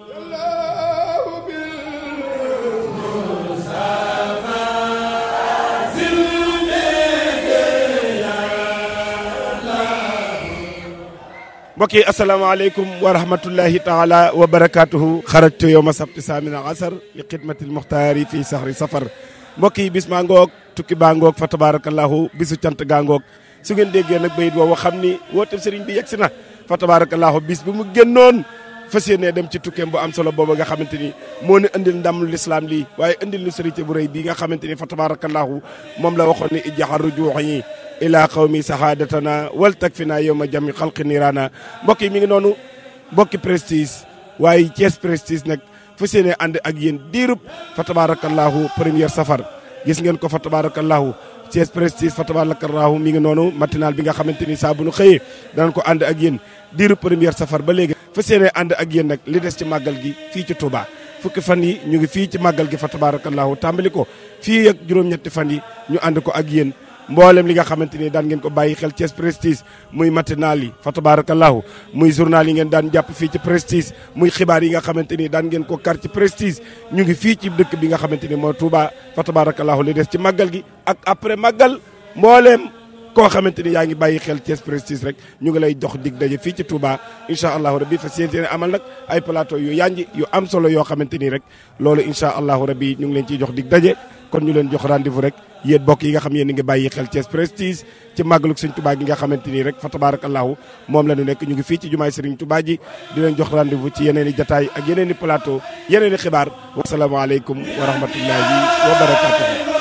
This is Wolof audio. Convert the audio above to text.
mbokk yi asalaamaaleykum wa rahmatullahi taala wa barakaatuhu xarajtu yowma sabti saamina asar li xidmatil muxtaari fii saxri safar mbokk yi bis maa ngoog tukki baa ngoog fa tabaarakallahu bisu cant gaa ngoog su ngeen déggee nag bayit woowu xam ni woote sëriñ bi yegsi na fa tabaarakallahu bis bi mu génnoon fas yéenee dem ci tukkeem boo am solo boobu nga xamante ni moo ne indil ndam lislaam lii waaye indil nu sërité bu rëy bii nga xamante ni fa tabaarakallaahu moom la waxoon ni ijaxar rujuux yi ilaa qawmi sahadatana wal takfina yowma jami xalqi niraana mbokk yi mi ngi noonu mbokki prestige waaye Thiès prestige nag fas yéenee ànd ak yéen diirub fa tabaarakallaahu première safar gis ngeen ko fa tabaarakallaahu Thiès Prestige fa tabaarakallaahu mi ngi noonu matinal bi nga xamante ni saa bu nu xëyee danañ ko ànd ak yéen diiru première safar ba léegi. fa séenee ànd ak nag li des ci màggal gi fii ci Touba fukki fan yi ñu ngi fii ci màggal gi fa tabarakallahu tàmbali ko fii ak juróom-ñetti fan yi ñu ànd ko ak yéen mboolem li nga xamante ni daan ngeen ko bàyyi xel Thiès Prestige muy matinal yi fa tabarakallahu muy journal yi ngeen daan jàpp fii ci Prestige muy xibaar yi nga xamante ni daan ngeen ko kar ci Prestige ñu ngi fii ci dëkk bi nga xamante ni mooy Touba fa tabarakallahu li ci màggal gi ak koo xamante ni yaa ngi bàyyi xel Thiès Prestige rek ñu ngi lay dox dig daje fii ci Touba incha allahu rabi fa seen amal nag ay plateau yu yànji yu am solo yoo xamante ni rek loolu incha allahu rabi ñu ngi leen ciy jox dig daje kon ñu leen jox rendez-vous rek yéen bokk yi nga xam yéen a ngi bàyyi xel Thiès Prestige ci màggalug Sëñ Touba gi nga xamante ni rek fa tabarakallahu moom la ñu nekk ñu ngi fii ci jumaay Serigne Touba ji di leen jox rendez-vous ci yeneen i jataay ak yeneen i plateau i xibaar wasalaamaaleykum wa rahmatullahi wa barakatuh